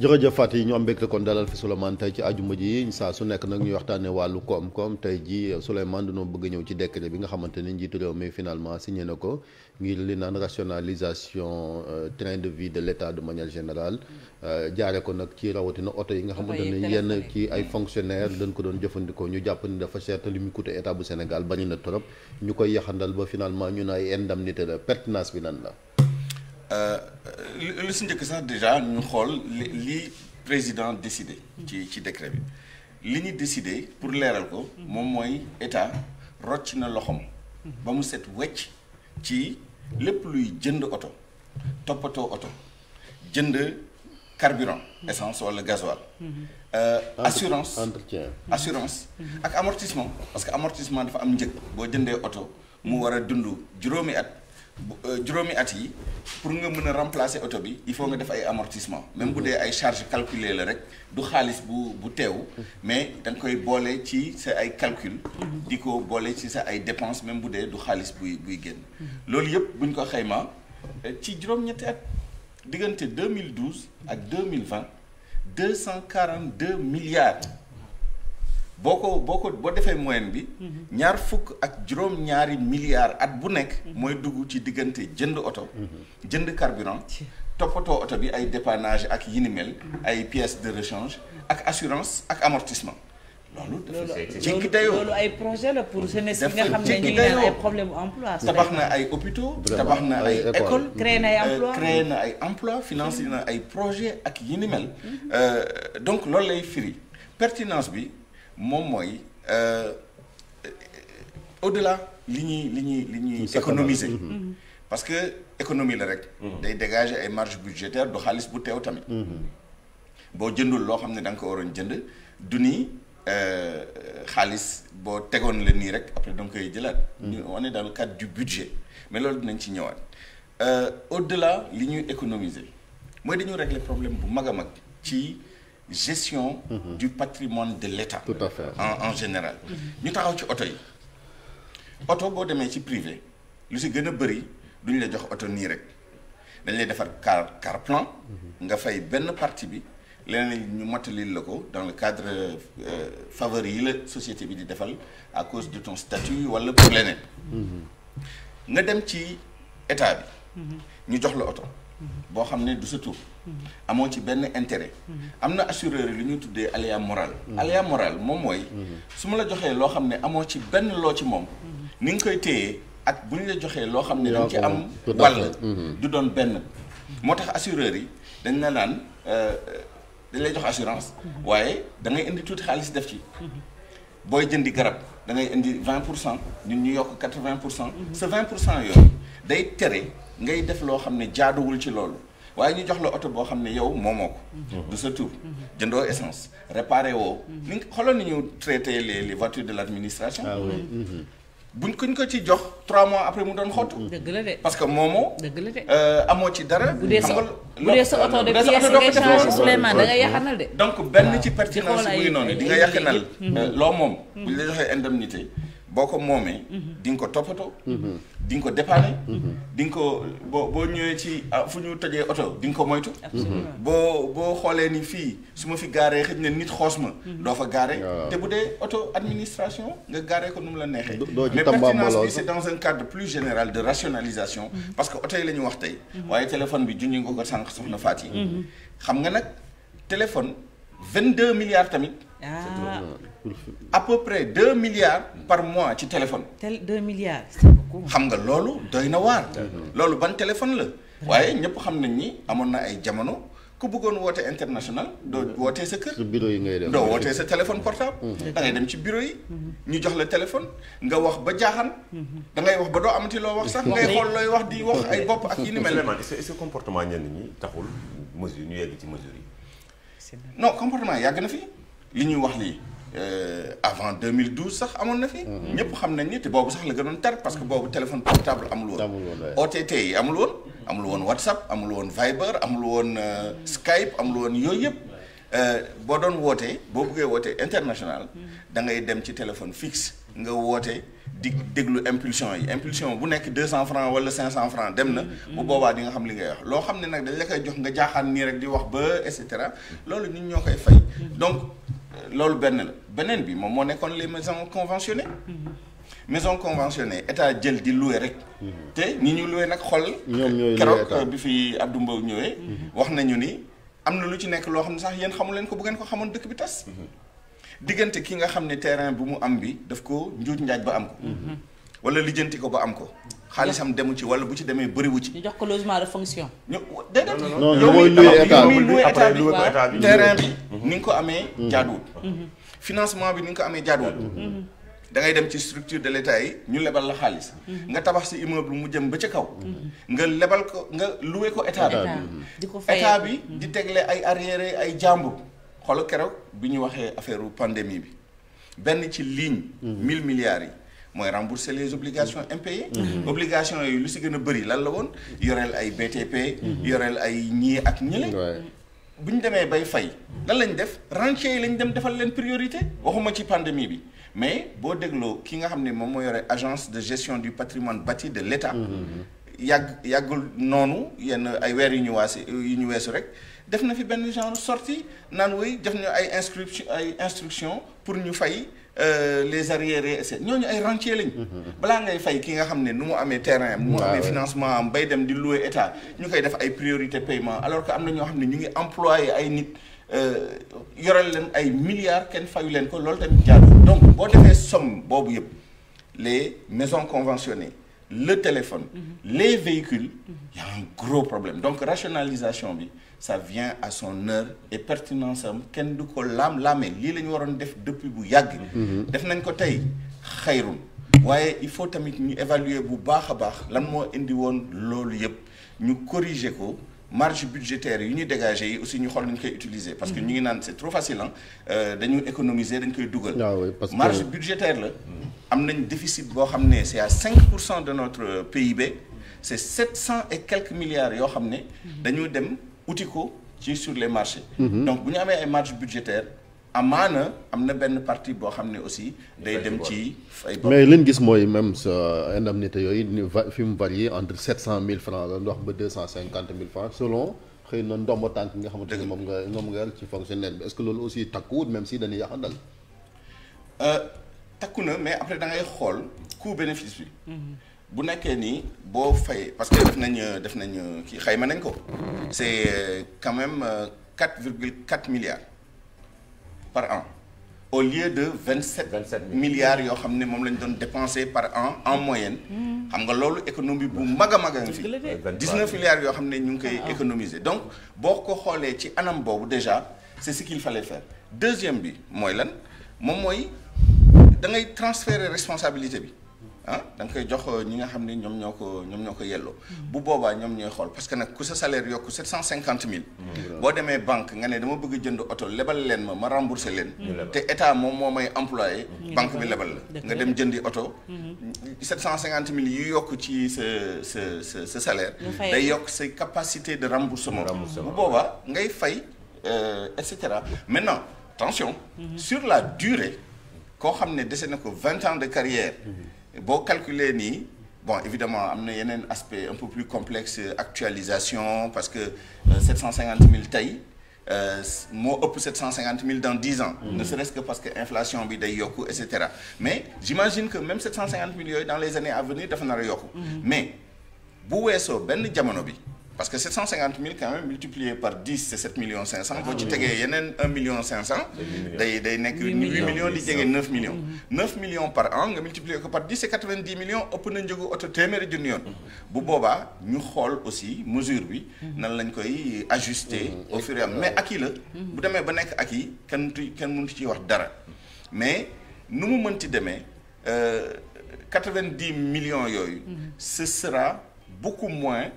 jërëjëf Faty yi ñu am kon dalal fi Souleymane tey ci ajuma ji saa su nekk nag ñuy waxtaane wàllu koom-koom tey ji Souleymane dañoo bëgg ñëw ci décret bi nga xamante ni njiitu réew mi finalement si na ko ngir li naan rationalisation euh, train de vie de l'État de manière générale euh, jaare ko nag ci rawatina oto yi nga xamante ni yenn ci ay mm. fonctionnaire dañ ko doon jëfandikoo ñu jàpp ni dafa cher te li mu État bu Sénégal bari na trop ñu koy yaxandal ba finalement ñu ne ay indemnité la pertinence bi nan la Euh, li si njëkk sax déjà ñu xool li président décidé. ci ci décret bi li ñu décidé pour leeral ko. moom mooy état rocc na loxoom. ba mu set wecc ci lépp luy jënd oto toppatoo oto jënd carburant. essence wala gasoil. Euh, assurance entretien assurance. ak amortissement parce que amortissement dafa am njëg boo jëndee oto mu war a dund juróomi at. Euh, juróomi at yi pour nga mën a remplacer oto bi il faut nga def ay amortissement même bu dee ay charge calculée la rek du xaalis bu bu teew mais da nga koy boole ci sa ay calcul di ko boole ci sa ay dépenses même bu dee du xaalis buy buy génn loolu yëpp buñ ko xaymaa euh, ci juróom-ñetti at diggante 2012 ak 2020 242 milliards boo ko boo ko boo defee moyenne bi. Mhm. ñaar fukk ak juróom ñaari milliards at bu nekk. Mhm. mooy dugg ci diggante jënd oto. Mhm. jënd carburant. toppatoo oto bi ay dépannage ak yi ay pièces de rechange. ak assurance ak amortissement. loolu dafa jéggi dayoo loolu ay projet la pour jeunesse bi nga xam ne ñu ngi naan ay problème tabax na ay na ay école créé na ay euh, emploi créé na ay projet ak yi ni euh, donc loolu lay firi pertinence bi. moom mooy de euh, delà li ñuy li ñuy li ñuy économiser mm-hmm. Mm-hmm. parce que économie la rek mm-hmm. day dégager ay marge budgétaire du xaalis bu teew tamit boo jëndul loo xam ne da nga ko waroon jënd du ni euh, xaalis boo tegoon la nii rek après da nga koy jëlaat ñu on est dans le du budget mais loolu dinañ ci ñëwaat euh, au-delà li ñuy économiser mooy dañu régler problème bu mag a mag ci gestion mhm. du patrimoine de l'État en en général ñu taxaw ci oto yi oto boo demee ci privé lu si gën a bëri duñ la jox oto nii rek dañ lay defar car car plan mhm. nga fay benn partie bi leneen ñu matalil la ko dans le cadre euh, favori yi la société bi di defal à cause de ton statut wala pour leneen mhm. nga dem ci état bi ñu jox la oto boo xam ne du sa amoo ci benn intérêt am na assureur yi lu ñuy tuddee aléa moral aléa moral moom mooy su ma la joxee loo xam ne amoo ci benn loo ci moom ni nga koy téyee ak bu ñu la joxee loo xam ne dañ ci am wàll mm-hmm. du doon benn moo tax assureur yi dañ na naan euh, dañ lay jox assurance mm-hmm. waaye dangay indi tuuti xaalis def ci mm-hmm. booy jëndi garab da ngay indi 20 pour cent ñu yokk 80 pour cent. sa 20 pour cent yooyu day tere ngay def loo xam ne jaaduwul ci loolu waaye ñu jox la oto boo xam ne yow moomoo ko. du sa tur jëndoo essence réparé woo. ni xoolal ni ñu traité les les voitures de l' administration. Ah mm-hmm. buñ kuñ ko ci jox trois mois après mu doon xottu. dëgg la de parce que moomoo. dëgg la de euh, amoo ci dara. bu dee sa bu dee sa oto de pièce ngay changé Souleymane da nga de. donc benn ci pertinence bu ngi noonu di nga yàqanal. Euh, loo moom. buñ la joxee indemnité. boo ko moomee. Mhm. di nga ko toppatoo. Mhm. di nga ko dépanner. Mhm. di nga ko boo boo ñëwee ci ah, fu ñu tojee oto di nga ko moytu. boo boo xoolee ni fii su ma fi gaaree xëj na nit xoos ma. doo fa gaaree. te bu dee auto administration nga gaaree ko nu mu la neexee. mais pertinence bi c'est dans un cadre plus général de rationalisation. parce que oto yi la ñu wax tey. waaye téléphone bi junj nga ko sànq soxna Faty. xam nga nag téléphone 22 milliards tamit. Ah. à peu près deux milliards par mois ci téléphone. tel deux milliards. xam nga loolu doy na waar. loolu ban téléphone la. waaye ñëpp xam nañ ni amoon na ay jamono ku bëggoon woote international doo mm-hmm. wootee sa kër. bureau yi ngay dem doo wootee sa téléphone portable. Mm-hmm. da ngay dem ci bureau yi. Mm-hmm. ñu jox la téléphone nga wax ba jaaxan. da ngay wax ba doo amati loo wax sax. ngay xool looy wax di wax ay bopp ak yi ni mel ne. est ce comportement ñenn ñi taxul mesure ñu yegg ci mesure yi. comportement yàgg na fi li ñuy wax lii. Euh, avant 2012 sax amoon na fi. Mhm. ñëpp xam nañ ni te boobu sax la gënoon tar parce que boobu téléphone portable amul woon. amul woon OTT yi amul woon. amul woon amul woon Viber amul woon euh, Skype amul woon yooyu yëpp. Euh, boo doon wootee boo bëggee wootee international mhm. da ngay dem ci téléphone fixe nga woote di déglu impulsion yi impulsion bu nekk deux cent francs wala cinq cent francs dem na mhm. bu boobaa di nga xam li ngay wax loo xam ne nag dañ la koy jox nga jaaxaan nii rek di wax ba et cetera loolu ñun ñoo koy fay donc loolu benn la beneen bi moom moo nekkoon les maisons conventionnées. Mm-hmm. maison conventionnée état jël di loué rek. Mm-hmm. te ni ñu loué nag xol. ñoom ñooy keroog bi fi Abdou Mbow ñëwee. Mm-hmm. wax nañu ni am na lu ci nekk loo xam ne sax yéen xamu leen ko bu ngeen ko xamoon dëkk bi tas. diggante ki nga xam ne terrain bi mu am bi daf ko njuuj njaaj ba am ko. wala lijjanti ko ba am ko. xaalisam demu ci wala bu ci demee bëriwu ci. ñu jox ko logement de ñu déedéet. non non mooy loué état bi yow bi ni nga ko amee mm-hmm. jaaduwul. Mm-hmm. financement bi ni nga ko amee jaaduwul. Mm-hmm. dangay dem ci structure de l'état yi ñu lebal la xaalis. nga tabax si immeuble mu jëm ba ca kaw. nga lebal ko nga loué ko état bi. état bi di tegle ay arriéré ay jàmbur. xoolal keroog bi ñu waxee affaire pandémie bi benn ci ligne. mille milliards yi. mooy rembourser les obligations mm-hmm. impayées mm-hmm. obligation yooyu lu si gën a bëri lan la woon yoreel ay BTP mm-hmm. yoreel ay ñii ak ñële bu ñu demee bay fay lan lañ def rentiers yi lañ dem defal leen priorité waxuma ci pandémie bi mais boo dégloo ki nga xam ne moom moo yore agence de gestion du patrimoine bâti de l'État yàgg yàggul noonu yenn ay weer yu ñu waase yu ñu weesu rek def na fi benn genre sortie naan woy def ñu ay inscription ay instruction pour ñu fay Euh, les arriérés et ñooñu ay rentier lañ. balaa ngay fay ki nga xam ne nu mu amee terrain am. mu amee financement am bay dem di louer état ñu koy def ay priorité payment alors que am na ñoo xam ne ñu ngi employé ay nit. Euh, yorel leen ay milliards kenn fayu leen ko loolu tamit jaadu donc boo defee somme boobu yëpp les maisons conventionnées. le téléphone les véhicules il y un gros problème donc rationalisation bi ça vient à son heure et pertinence kenn du ko laam-laamee lii la ñu waroon def depuis bu yàgg mhm. def nañ ko tey xayrun waaye il faut tamit ñu évaluer bu baax a baax lan moo indi woon loolu yëpp ñu corriger ko marge budgétaire yu ñuy dégagé yi aussi ñu xool nañu koy utiliser. parce que ñu ngi naan c'est trop facile ah dañu économiser dañ koy dugal. Ah marge budgétaire la. am nañ déficit boo xam ne c'est à pour cent de notre euh, PIB. c'est 700 et quelques milliards yoo xam ne. dañoo dem uti ko ci sur les marchés. Mm-hmm. donc bu ñu amee ay marge budgétaire amaana am na benn parti boo xam ne aussi day dem ci ay mais li ñu gis mooy même sa indemnité yooyu ni va fi mu varié entre sept cent mille francs la wax ba deux cent cinquante mille francs selon xëy na ndomba tànk nga xamante ne moom nga moom nga ci fonctionnaire bi est-ce loolu aussi takkuwut même si dañuy yaxandal euh, takku na mais après da ngay xool coût bénéfice bi mhm. bu nekkee nii boo fay parce que def nañ def nañ kii xayma nañ ko c'est quand même euh, quatre virgule quatre par an au lieu de vingt sept milliards yoo xam ne moom lañu doon dépensé par an en moyenne hmm. xam nga loolu économie bu mag a mag a ngi fi dix neuf milliards yoo xam ne ñu ngi koy ah. économiser donc boo ko xoolee ci anam boobu déjà c'est ce qu'il fallait faire deuxième bi mooy lan moom mooy da ngay transférer responsabilité bi ah da koy jox euh, ñi nga xam ne ñoom ñoo ko ñoom ñoo ko yelloo. bu boobaa ñoom ñooy xool parce que nag ku sa salaire yokku sept cent cinquante mille. boo demee banque nga ne dama bëgg jënd oto lebal leen ma ma remboursé leen. te état moom moo may employé. banque bi lebal la nga dem jëndi oto. Mm-hmm. sept cent cinquante mille yu yokk ci sa sa sa sa salaire. day yokk sa capacité de remboursement. bu boobaa ngay fay euh, et cetera maintenant attention. Mm-hmm. sur la durée koo xam ne dese na ko vingt ans de carrière. Mm-hmm. boo calculer nii bon évidemment am na yeneen aspect un peu plus complexe actualisation parce que 750 euh, 000 tey euh, moo ëpp 750 000 dans 10 ans. Mm. ne serait-ce que parce que inflation bi day yokku et cetera mais j'imagine que même 750 000 yooyu dans les années à venir dafa nar a yokku. Mm. mais bu weesoo benn jamono bi. parce que 750 000 quand même multiplié par 10 c'est 7 millions 500. Ah boo ci tegee yeneen 1 million 500. day day nekk 8 millions di jege 9 millions. 9 millions par an nga multiplier ko par 10 c'est 90 millions ëpp na njëgu oto téeméeri junni yoon. Mm-hmm. bu boobaa ñu xool aussi mesure bi. Mm-hmm. nan lañ koy ajuster mm-hmm. au fur et à mais acquis la. bu demee ba nekk acquis kenn tu kenn mënut ciy wax dara mais nu mu mënti demee 90 euh, millions yooyu. ce sera beaucoup moins.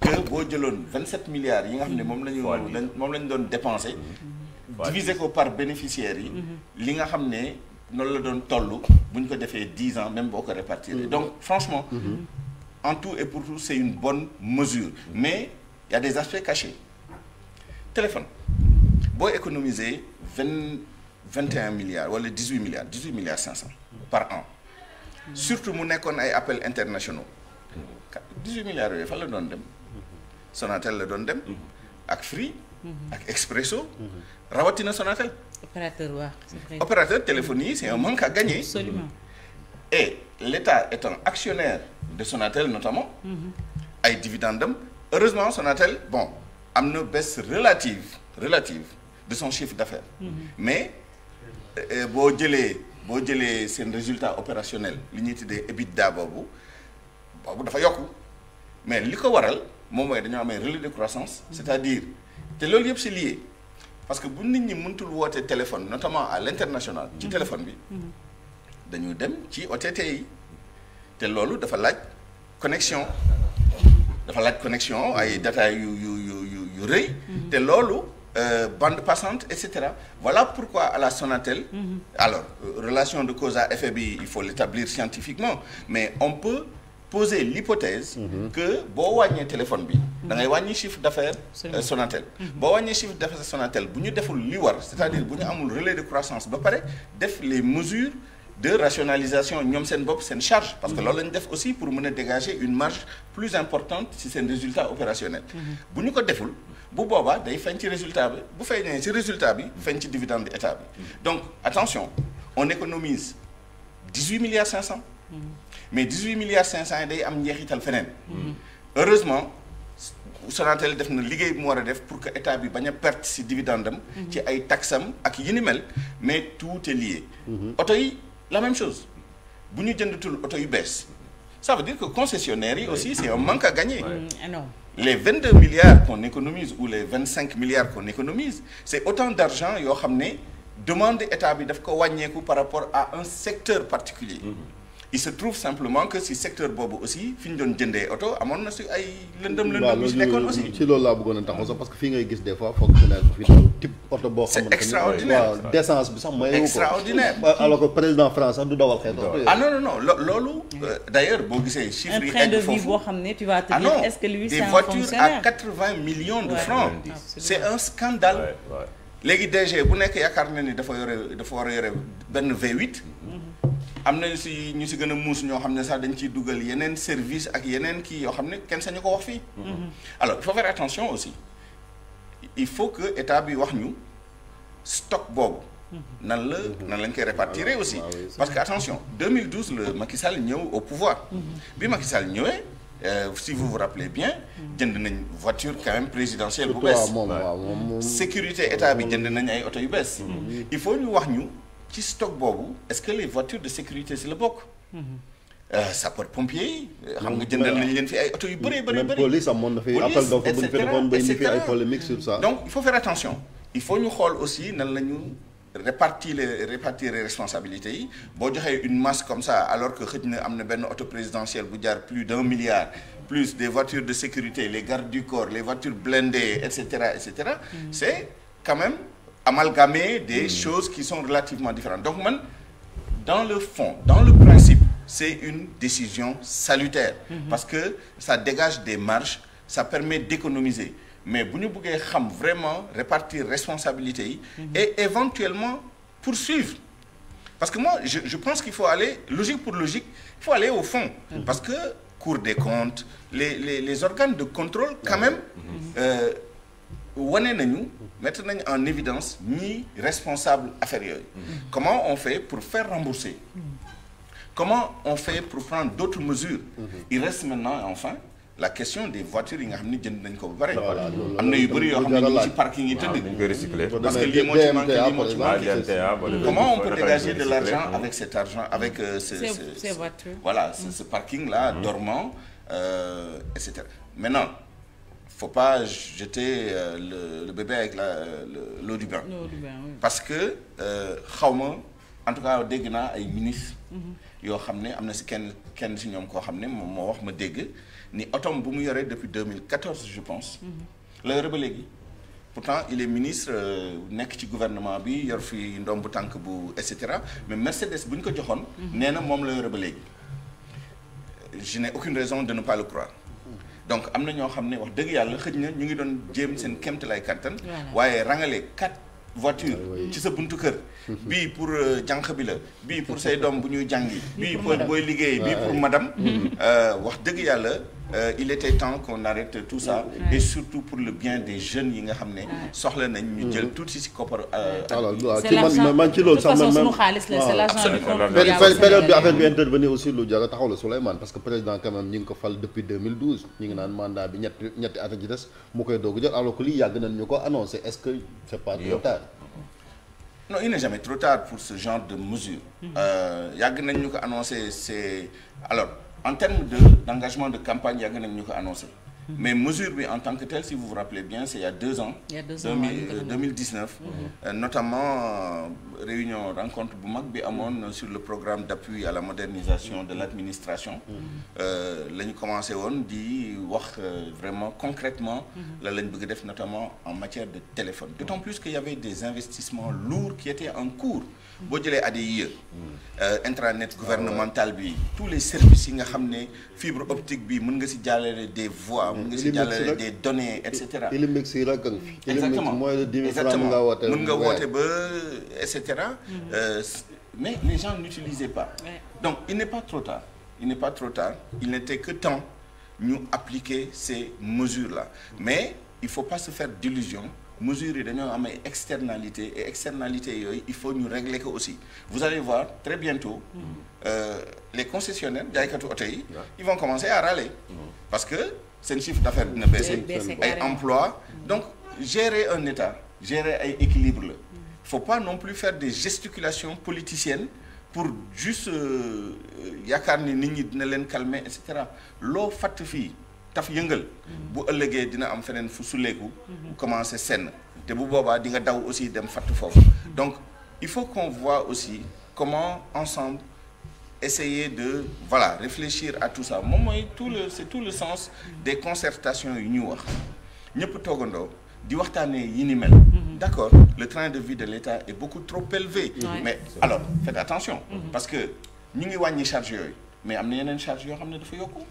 que boo jëloon vingt sept milliards yi nga xam ne moom la ñu moom la ñu doon dépensé divisé ko par bénéficiaires yi mm-hmm. li nga xam ne noonu la doon tollu bu ñu ko defee dix ans même boo ko répartir mm-hmm. donc franchement mm-hmm. en tout et pour tout c'est une bonne mesure mais il des aspects cachés téléphone boo économiser vingt vingt et un milliards wala dix huit milliards dix huit milliards par an surtout mu nekkoon ay appels internationaux dix huit milliards doon dem Sonatel la doon dem. Mm-hmm. ak Free. Mm-hmm. ak Expresso. rawatina Sonatel. opérateur waaw ouais, opérateur yi c'est un manque à gagner. Absolument. Mm-hmm. et l'État étant actionnaire de Sonatel notamment ay mm -hmm. dividendes am heureusement Sonatel bon am na baisse relative relative de son chiffre d'affaires mm -hmm. mais euh, euh, boo jëlee boo jëlee seen résultat opérationnel li ñuy tuddee EBITDA boobu boobu dafa yokku mais li ko waral moom mooy dañoo amee relais de croissance c'est-à-dire te loolu yëpp c'est lié parce que bu nit ñi mëntul woote téléphone notamment à l'international ci téléphone bi dañu dem ci OTT yi te loolu dafa laaj connexion dafa laaj connexion ay data yu yu yu yu yu rëy te loolu euh, bande passante et cetera voilà pourquoi à la Sonatel mhm. alors euh, relation de cause à effet bi il faut l'établir scientifiquement mais on peut poser l'hypothèse mhm. que boo wàññee téléphone bi da wàññi chiffre d'affaires euh, Sonatel mhm. boo wàññee chiffre d'affaires Sonatel bu ñu deful li war cest dire bu ñu amul relais de croissance ba pare def les mesures de rationalisation ñoom seen bopp seen charge parce que mhm. loolu la ñu def aussi pour mën a dégager une marge plus importante si seen résultat opérationnel bu ñu ko deful bu boobaa day feeñ ci résultat bi bu feeñee ci résultat bi feeñ ci dividende état bi donc attention on économise 18 milliards mais dix huit milliards cinq cent yi day am njeexital feneen. heureusement Sonatel def na liggéey bu mu war a def pour que état bi bañ a perte si dividende mhm. ci ay taxam ak yi mel mais tout est lié. Mhm. oto yi la même chose bu ñu jëndatul oto yu bees ça veut dire que concessionnaires yi aussi c'est un manque à gagner. Mm, ah non les vingt deux milliards qu'on économise ou les vingt cinq milliards qu'on économise c'est autant d'argent yoo xam ne demande état bi daf ko wàññeeku par rapport à un secteur particulier mhm. il se trouve simplement que si secteur boobu aussi fi ñu doon jëndee oto amoon na si ay lëndëm lëndëm yu si nekkoon ci loolu laa bëggoon a taxaw sax parce que fii ngay gis des fois fonctionnaire bu fi daw boo xamante ni extraordinaire bi sax mayewu extraordinaire alors président France sax du dawal xeetu ah non non non loolu euh, d'ailleurs boo gisee chiffre yi egg foofu boo xam ne tu vas te ah, dire est-ce que lui c'est un fonctionnaire à quatre-vingts millions de francs c'est un scandale léegi DG bu nekk yaakaar na ni dafa yore dafa war a yore benn V8 am na si ñu si gën a muus ñoo xam ne sax dañ ciy dugal yeneen service ak yeneen kii yoo xam ne kenn sañu ko wax fii. Mhm. alors il faut attention aussi il faut que état bi wax ñu stock boobu. Mhm. nan la mhm. nan lañ koy répartir aussi. Ah parce que attention 2012 la Macky Sall ñëw au pouvoir. bi Macky Sall ñëwee. Euh, si vous vous rappelez bien. jënd nañ voiture quand même présidentielle bu bees. sécurité état bi jënd nañ ay oto yu bees. il faut ñu wax ñu. ci stock boobu est-ce que les voitures de sécurité si la bokk. Mm-hmm. Euh, sapeur pompier yi. Euh, xam nga mm-hmm. jëndal nañ leen fi ay oto yu bëree bëri. bëri police amoon na fi appel d'offre bu ñu fi defoon ba indi fi ay polémique donc il faut faire attention il faut ñu xool aussi nan la ñu répartir les répartir les responsabilités yi boo joxee une masse comme ça alors que xëj na am na benn auto présidentielle bu jaar plus d'un milliard plus des voitures de sécurité les gardes du corps les voitures blindées et cetera et cetera mm-hmm. c'est quand même. amalgamer des mmh. choses qui sont relativement différentes donc man dans le fond dans le principe c'est une décision salutaire mmh. parce que ça dégage des marges ça permet d'économiser mais bu ñu bëggee xam vraiment répartir responsabilité yi hmm. et éventuellement poursuivre parce que moi je, pense qu'il faut aller logique pour logique il faut aller au fond hmm. parce que Cour des comptes les les les organes de contrôle quand même hmm. euh, wane nañu mettre nañu en évidence mi responsable affaires yooyu comment on fait pour faire rembourser comment on fait pour prendre d'autres mesures il reste maintenant enfin la question des voitures yi nga xam ne jënd nañ ko ba pare am na yu bëri yoo xam ne ñu parking yi tëdd parce que lii moo ci manqué lii moo ci manqué comment on peut dégager de l'argent avec voilà ce parking là dormant et cetera maintenant faut pas jeter euh, le, bébé avec la l'eau du parce que euh, xaw ma en tout cas dégg naa ay ministre mm-hmm. yoo xam ne am na si kenn kenn si ñoom koo xam ne moom moo wax ma dégg ni otom bu mu yoree depuis 2014 je pense. Mm-hmm. la yore ba léegi. pourtant il est ministre euh, nekk ci gouvernement bi yor fi bu tànk bu et cetera mais Mercedes bu ñu ko joxoon. Mm-hmm. nee na moom la yore ba léegi. je n'ai aucune raison de ne pas le croire. donc am na ñoo xam ne wax dëgg yàlla xëj na ñu ngi doon jéem seen kéemtalaay kattan. waaye rangale quatre voiture ah ci sa buntu kër. bii pour euh, jànq bi la bii pour say doom bu ñuy jàngi. bii booy liggéey bii pour madame. Euh, wax dëgg yàlla. Euh, il était temps qu'on arrête tout ça et surtout pour le bien des jeunes yi nga xam ne soxla nañ ñu jël mm-hmm. tuuti si koppar euh, ah man man ci loolu sax man man période bi affaire bi intervenir aussi lu jara taxaw la Souleymane parce que président quand même ñi ngi ko fal depuis 2012 ñu naan mandat bi ñetti ñetti at des mu koy doog jël alors que lii yàgg nañ ko annoncé est que c'est pas trop tard non il n'est jamais trop tard pour ce genre de mesure mm-hmm. euh, yàgg nañ ñu ko annoncé c'est en termes de d'engagement de campagne yàgg nañ ñu ko annoncé hmm. mais mesure bi en tant que telle si vous vous rappelez bien c'est il y a deux ans. il y a deux ans 2019. Euh, hmm. euh, notamment euh, réunion rencontre bu mag bi amoon sur le programme d'appui à la modernisation de l'administration. Hmm. la ñu commencé woon di wax vraiment concrètement. la lañ bëgg def notamment en matière de téléphone. d'autant plus qu'il y avait des investissements lourds qui étaient en cours. boo jëlee ADIE euh, intranet gouvernemental bi tous les services yi nga xam ne fibre optique bi mën nga si jàllale des voix mën nga si jàllale des données et cetera Illimix yi rek nga fi exactement mooy le dix mille nga woote ba et cetera euh, mais les gens n'utilisaient pas donc il n'est pas trop tard il n'était que temps ñu appliquer ces mesures la mais il faut pas se faire d'illusion mesures dañoo amee ay externalités et externalités yooyu il faut ñu régler ko aussi vous allez voir très bientôt mm-hmm. euh, les concessionnaires jaaykatu oto yi ils vont commencer à râler mm-hmm. parce que seen chiffre d'affaires dina baissé ay emploi mm-hmm. donc gérer un état gérer ay équilibre la faut pas non plus faire des gesticulations politiciennes pour juste euh, yaakaar ni nit ñi dina leen calmer et cetera loo fàtt fii daf yëngal bu ëllëgee dina am feneen fu suleeku bu commencé senn te bu boobaa dinga daw aussi dem fatt foofu donc il faut qu'on voit aussi comment ensemble essayer de voilà réfléchir à tout sax moom mooy tout le tout le sens des concertations yu ñu wax ñëpp toogandoo di waxtaanee yi ni mel mhm. d'accord le train de vie de l'État est beaucoup trop élevé mais alors faites attention mhm. parce que ñu ngi wàññi charge yooyu mais am na yeneen charge yoo xam ne dafa yokku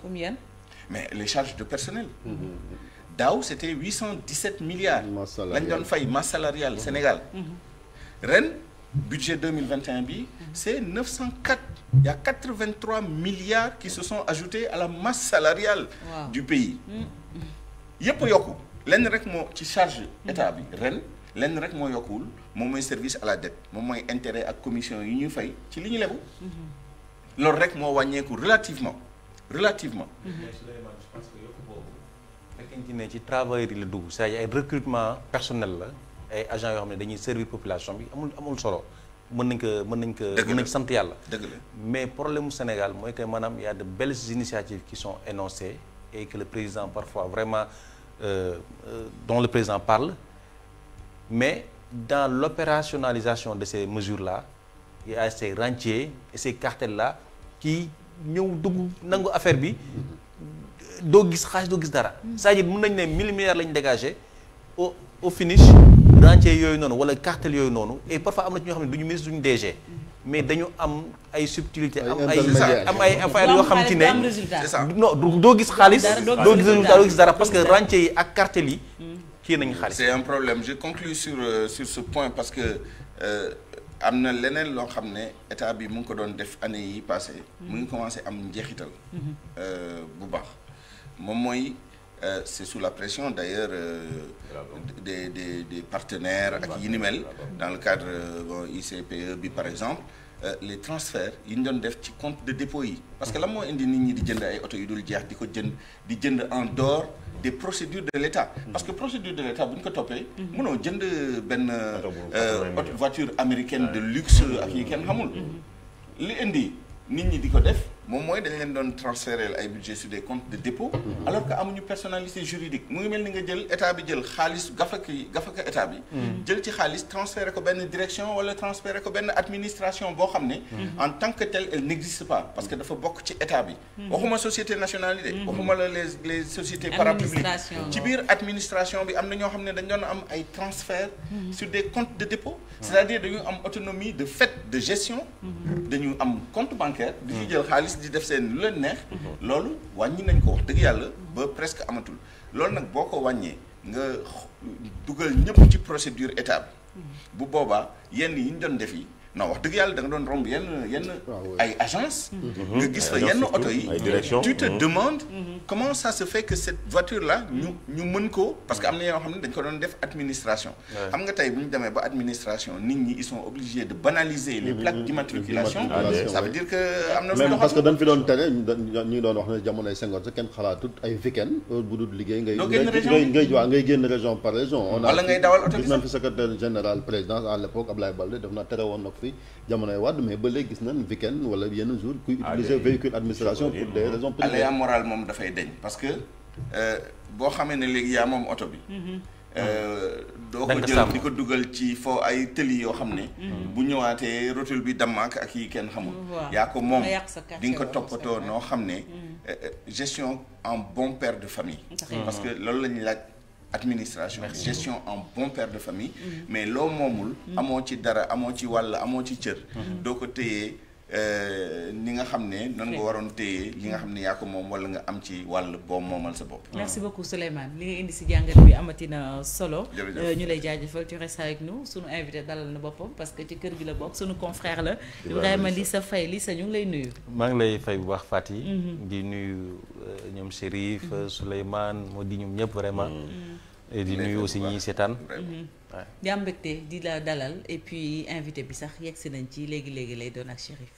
mais les charges de personnel. Mm-hmm. daaw c'était 817 milliards. masse salariale lañ doon fay masse salariale mm-hmm. Sénégal. Mm-hmm. ren budget 2021 bi c'est 904 il y a 83 milliards qui se sont ajoutés à la masse salariale. Wow. du pays. yëpp a yokku lenn rek moo ci charge état bi ren. lenn rek moo yokkuwul moom mooy service à la dette moom mooy intéret ak commission yi ñuy fay ci li ñu lebu loolu rek moo wàññeeku relativement relativement. mais Souleymane je ne ci travailleurs la dugg c'est-à-dire ay recrutement personnel la ay agent yoo xam ne dañuy servir population bi amul amul solo mën nañ ko mën nañ ko mën nañ sant yàlla mais problème Sénégal mooy que maanaam y de belles initiatives qui sont énoncées et que le président parfois vraiment euh, euh, dont le président parle mais dans l'opérationnalisation de ces mesures-là il y a ces rentiers et ces ñëw dugg nangu affaire bi doo gis xaalis doo gis dara mm. cest à mun nañ ne mille milliards lañ dégagé au au finish rentier yooyu noonu wala cartel yooyu noonu et parfois am ñu ministre du ñu DG mm. mais dañu am ay subtilité am ay am yoo xam ci ne non doo gis xaalis doo gis dara parce que rentier yi ak cartel yi mm. kii nañ xaalis un problème je conclue sur euh, point parce que euh, am na leneen loo xam ne état bi mu ngi ko doon def année yi passé mu ngi commencé am njeexital mhm. euh, bu baax moom mooy euh, c'est sous la pression d'ailleurs euh, des de des partenaires ak yi ni mel dans le cadre bon ICPE bi par exemple les transferts yi ñu doon def ci compte de dépôt yi parce que mhm. la moo indi nit ñi di jënd ay oto yu dul jeex di ko jënd di jënd en dehors des procédures de l'État mm-hmm. parce que procédure de l'État bu ñu ko toppee mënoo mm-hmm. jënd benn euh, voiture américaine de luxe ak yi mm-hmm. kenn xamul li indi nit ñi di ko def moom mooy dañ leen doon transférer ay budget sur des comptes de dépôt mm-hmm. alors que amuñu personnalité juridique mu ngi mel ni nga jël état bi jël xaalis gafaka gafaka état bi mm-hmm. jël ci xaalis transférer ko benn direction wala transférer ko benn administration boo xam ne mm-hmm. en tant que telle elle n'existe pas parce que dafa bokk ci état bi waxuma société nationale yi de waxuma la les les sociétés parapubliques ci biir administration bi am na ñoo xam ne dañ doon am ay transfert sur des comptes de dépôt cest de fait de gestion am compte bancaire di fi jël xaalis artistes di def seen lu leen neex. loolu wàññi nañ ko wax dëgg yàlla ba presque amatul loolu nag boo ko wàññee nga dugal ñëpp ci procédure état bu boobaa yenn yi ñu doon def yi. non wax dëgg yàlla da nga doon romb yenn yenn ah ay agence mhm. nga gis mhm. fa yenn oto yi tu te mhm. demandes comment ça se fait que cette voiture là ñu mën ko parce que am na yoo xam ne dañ ko doon def administration xam nga tey bu ñu demee ba administration nit ñi ils sont obligés de banaliser les plaques d'immatriculation ça veut que am na même parce que dañ fi doon tere ñu doon wax ne jamonoy Senghor sa kenn bu dul liggéey ngay ngay ngay génn région par région on a wala ngay dawal oto bi fi secrétaire général présidence na tere woon na fi jamonoy Wade mais ba léegi gis nañ weekend wala yenn jour kuy ah, utiliser véhicule administration pour des raisons privées aléa moral moom dafay deñ parce que euh, boo xamee ne léegi yaa moom oto bi mm-hmm. euh, doo ko jël di ko dugal ci foo ay tëli yoo xam ne mm-hmm. bu ñëwaatee rotule bi dammaak ak yi kenn xamul yaa ko moom di ko toppatoo noo xam ne mm-hmm. euh, gestion en bon père de famille parce que loolu la laaj administration gestion en bon père de famille mm-hmm. mais loo moomul mm-hmm. amoo ci dara amoo ci wàll amoo ci cër mm-hmm. doo ko téyee Euh, ni nga xam ne nan nga waroon téye li nga xam ne yaa ko moom wala nga am ci wàll boo moomal sa bopp. merci beaucoup Souleymane li nga indi si jàngat bi amati na solo. Euh, ñu lay jaajëfal tu restes avec nous sunu invité dalal na boppam parce que ci kër gi la bokk sunu confrère la. Ibrahima li sa fay li sa ñu ngi lay nuyu. maa ngi lay fay bu baax Fati. Mhm. di nuyu euh, ñoom Chérif mhm. Souleymane moo di ñoom ñëpp vraiment. Mhm. di nuyu aussi ñi seetaan. di am mbégte di la dalal et puis invité bi sax yegg si nañ ci léegi léegi lay